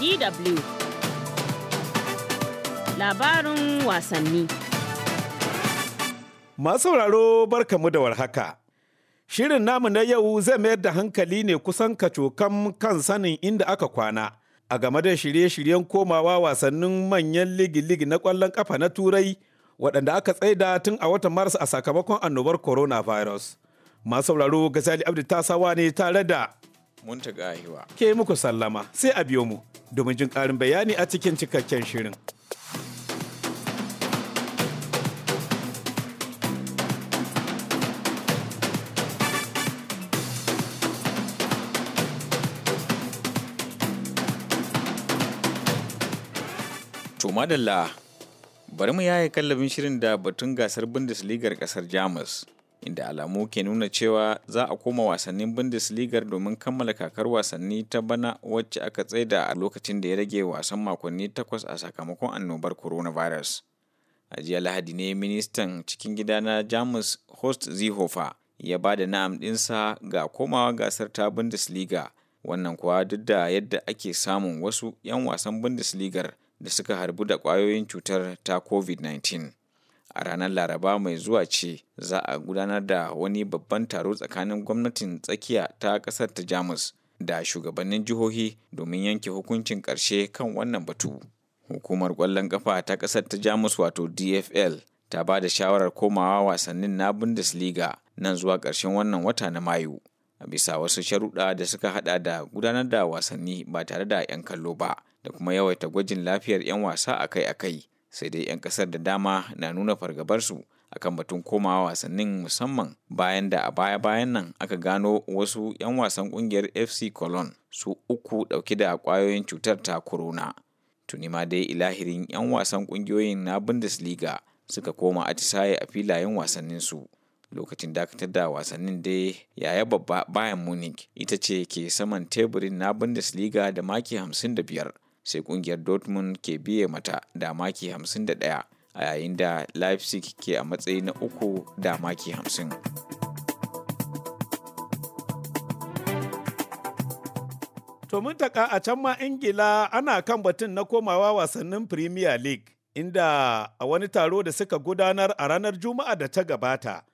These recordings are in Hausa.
DW Labarin wasanni Masu sauraro barkamu da warhaka. Shirin namu na yau zai mayar da hankali ne kusan kacokan kan sanin inda aka kwana. A game da shirye-shiryen komawa wasannin manyan ligi-ligi na ƙwallon ƙafa na Turai waɗanda aka tsaida tun a watan Maris a sakamakon annobar coronavirus. Masu sauraro Gazali ta Tasawa ne tare da mun Muntaka gahiwa. Ke muku sallama sai a biyo mu domin jin ƙarin bayani a cikin cikakken shirin. To madalla bari mu yaye kallabin shirin da batun gasar Bundesligar kasar Jamus. inda alamu ke nuna cewa za a koma wasannin Bundesliga domin kammala kakar wasanni ta bana wacce aka tsaida a lokacin da ya rage wasan makonni takwas a sakamakon annobar coronavirus. A jiya Lahadi ne ministan cikin gida na Jamus host zihofa ya ba da na'am ga komawa gasar ta Bundesliga, wannan kuwa duk da yadda ake samun wasu 'yan wasan Bundesligar da suka harbu da kwayoyin cutar ta COVID-19. a ranar laraba mai zuwa ce za a gudanar da wani babban taro tsakanin gwamnatin tsakiya ta ƙasar ta jamus da shugabannin jihohi domin yanke hukuncin ƙarshe kan wannan batu hukumar ƙwallon ƙafa ta ƙasar ta jamus wato dfl ta ba da shawarar komawa wasannin na bundesliga nan zuwa ƙarshen wannan wata na mayu a bisa wasu sharuɗa da suka haɗa da gudanar da wasanni ba tare da 'yan kallo ba da kuma yawaita gwajin lafiyar 'yan wasa akai-akai sai dai 'yan kasar da dama na nuna fargabarsu akan batun komawa wasannin musamman bayan da a baya-bayan nan aka gano wasu 'yan wasan kungiyar fc cologne su uku dauke da kwayoyin cutar ta corona tuni ma dai ilahirin 'yan wasan kungiyoyin na bundesliga suka koma atisaye a filayen wasannin su lokacin dakatar da wasannin dai yaya babba bayan munich ita ce ke saman teburin na bundesliga da maki 55 sai kungiyar dortmund ke biye mata da maki 51 a yayin da leipzig ke a matsayi na uku da maki 50 to mun a can ma ingila ana kan batun na komawa wasannin premier league inda a wani taro da suka gudanar a ranar juma'a da ta gabata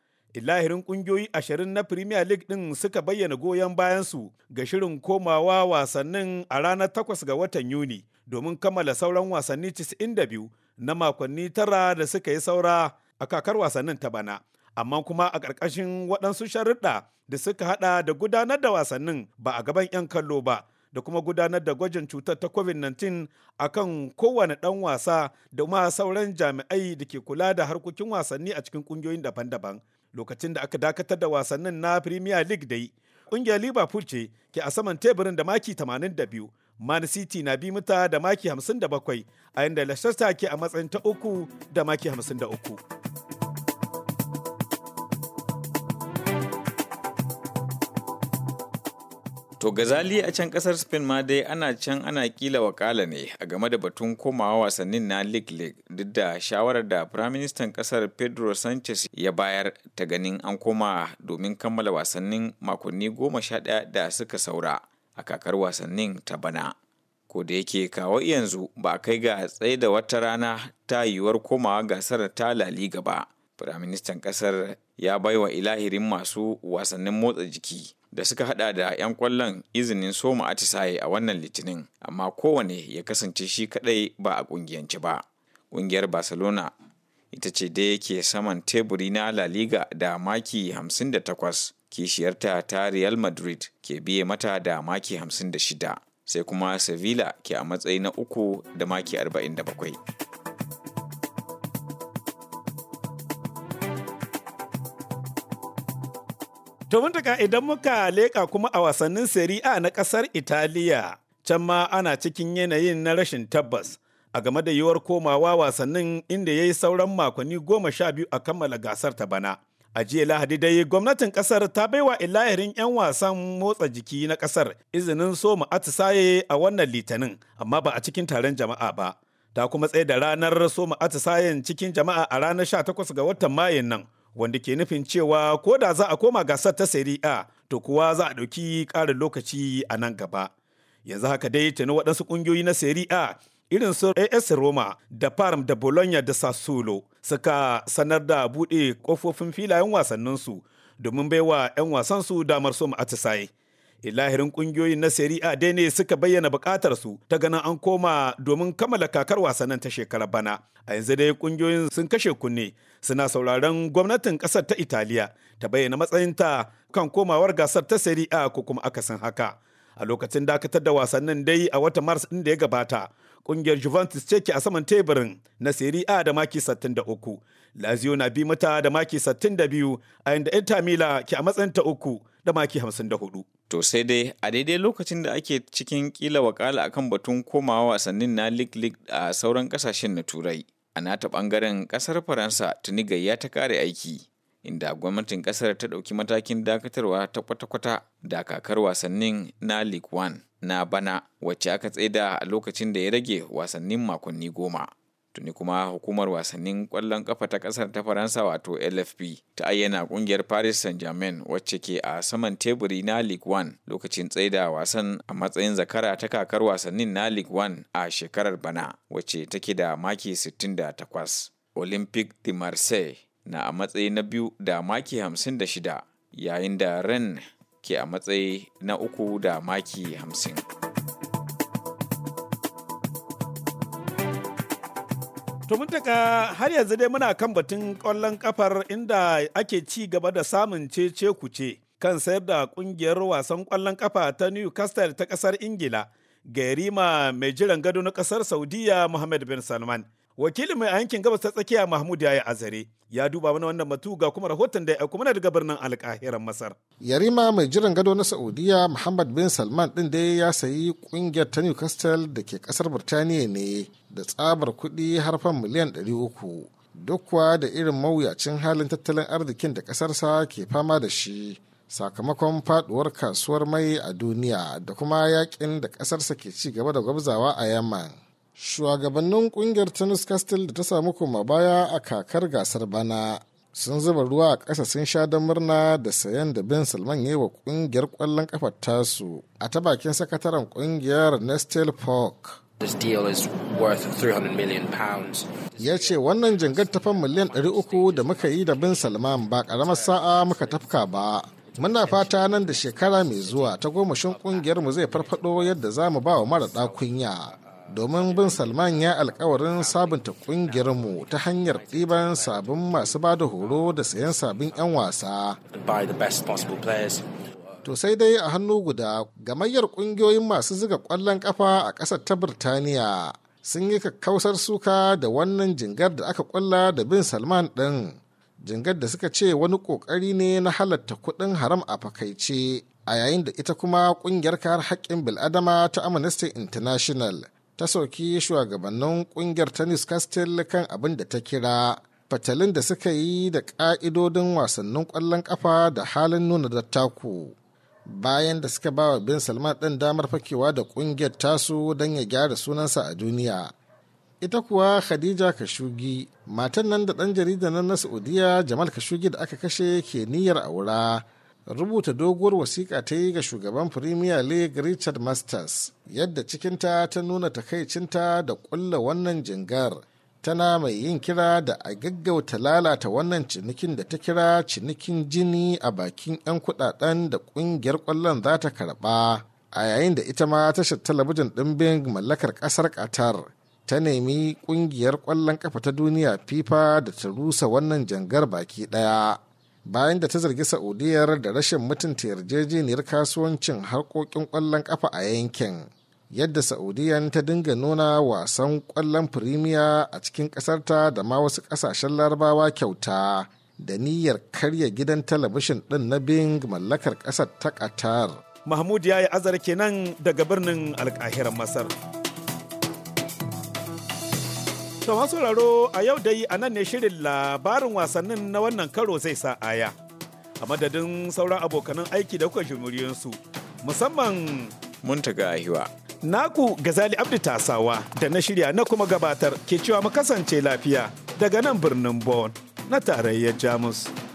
lahirin kungiyoyi ashirin na premier league ɗin suka bayyana goyon bayansu ga shirin komawa wasannin a ranar takwas ga watan yuni domin kammala sauran wasanni biyu. na makonni tara da suka yi saura a kakar wasannin ta bana amma kuma a ƙarƙashin waɗansu sharuɗa da suka haɗa da gudanar da wasannin ba a gaban 'yan kallo ba da kuma gudanar da gwajin cutar ta covid-19 a kan kowane ɗan wasa da ma sauran jami'ai da ke kula da harkokin wasanni a cikin ƙungiyoyin daban-daban lokacin da aka dakatar da wasannin na premier league dai ƙungiyar liverpool ce ke a saman teburin da maki 82 man city na bi mata da maki 57 a yadda leicester ke a matsayin ta uku da maki 53 To Gazali a can kasar Spain ma dai ana can ana kila wakala ne a game da batun komawa wasannin na League League duk da shawarar da Firaministan kasar Pedro Sanchez ya bayar ta ganin an koma domin kammala wasannin makonni goma sha ɗaya da suka saura a kakar wasannin ta bana. Ko da yake kawo yanzu ba kai ga tsaye da wata rana ta yiwuwar komawa gasar ta La Liga ba. Firaministan kasar ya baiwa ilahirin masu wasannin motsa jiki da suka hada da 'yan kwallon izinin soma atisaye a wannan litinin amma kowane ya kasance shi kadai ba a kungiyance ba ƙungiyar barcelona ita ce da yake saman teburi na la liga da maki 58 kishiyarta ta real madrid ke biye mata da maki 56 sai kuma sevilla ke a matsayi na uku da maki 47 To muntaka idan muka leƙa kuma a wasannin Serie A na ƙasar Italiya, can ma ana cikin yanayin na rashin tabbas a game da yiwuwar komawa wasannin inda ya yi sauran makonni goma sha biyu a kammala gasar ta bana. A jiya Lahadi dai gwamnatin ƙasar ta baiwa ilahirin 'yan wasan motsa jiki na ƙasar. izinin soma mu atisaye a wannan litinin amma ba a cikin taron jama'a ba. Ta kuma tsaye da ranar soma mu atisayen cikin jama'a a ranar 18 ga watan Mayun nan wanda ke nufin cewa ko da za a koma gasar ta Serie A to kuwa za a ɗauki ƙarin lokaci a nan gaba. Yanzu haka dai tuni waɗansu ƙungiyoyi na Serie A irin su AS Roma da Parm da Bologna da Sassuolo suka sanar da buɗe ƙofofin filayen wasanninsu domin baiwa 'yan wasansu damar su atisaye. lahirin kungiyoyin na Serie dai ne suka bayyana bukatar su ta ganin an koma domin kammala kakar wasannin ta shekarar bana a yanzu dai kungiyoyin sun kashe kunne suna sauraron gwamnatin kasar ta italiya ta bayyana matsayinta kan komawar gasar ta A ko kuma akasin haka a lokacin dakatar da wasannin dai a watan mars ɗin da ya gabata kungiyar Juventus ce ke a saman teburin na Serie A da maki 63. Lazio na bi mata da maki 62 a inda Inter Mila ke a matsayin ta uku da maki 54. To sai dai a daidai lokacin da ake cikin kila wakala akan batun komawa wasannin na League League a sauran kasashen na Turai. A nata bangaren ƙasar Faransa tuni ya ta kare aiki, inda gwamnatin ƙasar ta ɗauki matakin dakatarwa ta kwata-kwata da kakar wasannin na League One na bana wacce aka tsaida a lokacin da ya rage wasannin makonni goma. tuni kuma hukumar wasannin kwallon kafa ta kasar ta faransa wato lfp ta ayyana kungiyar paris saint-germain wacce ke a saman teburi na league 1 lokacin tsaida wasan a matsayin zakara ta kakar wasannin na league 1 a shekarar bana wacce take da maki 68 olympic de marseille na a matsayi na biyu da maki 56 yayin da ren ke a matsayi na uku da maki 50 To mun taka har yanzu dai muna kan batun ƙwallon kafar inda ake ci gaba da samun cece kuce kan sayar da kungiyar wasan ƙwallon kafa ta Newcastle ta ƙasar Ingila. ga yarima mai jiran gado na ƙasar Saudiya Mohammed bin Salman wakilin mai a yankin gabas ta tsakiya mahmud yi azare ya duba mana wannan batu ga kuma rahoton da ya mana daga birnin alkahiran masar yarima mai jiran gado na saudiya muhammad bin salman din dai ya sayi kungiyar ta newcastle da ke kasar birtaniya ne da tsabar kuɗi harfan miliyan 300 duk kuwa da irin mawuyacin halin tattalin arzikin da kasarsa ke fama da shi sakamakon faduwar kasuwar mai a duniya da kuma yakin da kasarsa ke ci gaba da gwabzawa a yamman shugabannin kungiyar tennis castle da ta samu kuma baya a kakar gasar bana sun zuba ruwa a ƙasa sun sha da murna da sayan da bin salman ya yi wa kungiyar kwallon kafa tasu a ta bakin sakataren kungiyar nestle park ya ce wannan jingar tafan miliyan 300 da muka yi da bin salman ba karamar sa'a muka tafka ba muna fata nan da shekara mai zuwa ta gomashin kungiyarmu zai farfado yadda za mu ba wa mara kunya. domin bin salman ya alkawarin sabunta kungiyarmu ta hanyar ɗiban sabon masu ba da horo da sayan sabon 'yan wasa to sai dai a hannu guda gamayyar ƙungiyoyin masu ziga kwallon ƙafa a ƙasar ta birtaniya sun yi kakkausar suka da wannan jingar da aka kulla da bin salman ɗin jingar da suka ce wani ƙoƙari ne na halatta kuɗin haram a fakaice a yayin da ita kuma ƙungiyar kar haƙƙin bil'adama ta amnesty international ta soki shugabannin kungiyar tennis castle kan abin da ta kira fatalin da suka yi da ƙa'idodin wasannin ƙwallon ƙafa da halin nuna dattaku bayan da suka bawa bin salman ɗin damar fakewa da ƙungiyar tasu don ya gyara sunansa a duniya ita kuwa khadija kashugi matan nan da ɗan jarida na saudiya jamal kashugi da aka kashe ke niyyar aura rubuta doguwar wasiƙa ta yi ga shugaban premier league richard masters yadda cikinta ta nuna takaicinta da ƙulla wannan jingar tana mai yin kira da a gaggauta lalata wannan cinikin da ta kira cinikin jini a bakin 'yan kudaden da ƙungiyar ƙwallon za ta karɓa a yayin da ita ma tashar talabijin ɗin mallakar ƙasar qatar ta nemi ƙungiyar ƙwallon ƙafa ta duniya fifa da ta rusa wannan jangar baki ɗaya bayan da ta zargi saudiyar da rashin mutunta yarjejeniyar kasuwancin harkokin kwallon kafa a yankin yadda saudiyan ta dinga nuna wasan kwallon firimiya a cikin ƙasarta da ma wasu ƙasashen larabawa kyauta da niyyar karya gidan talabishin ɗin na bing mallakar ƙasar ta qatar mahmud ya yi azar kenan daga birnin alƙahirar masar Tuma sauraro a yau dai a nan ne shirin labarin wasannin na wannan karo zai sa aya. A madadin sauran abokanan aiki da kuka jimuriyansu musamman Muntaga Ahiwa. Naku Gazali Abdi Tasawa da na shirya na kuma gabatar ke cewa mu kasance lafiya daga nan birnin Bon na tarayyar Jamus.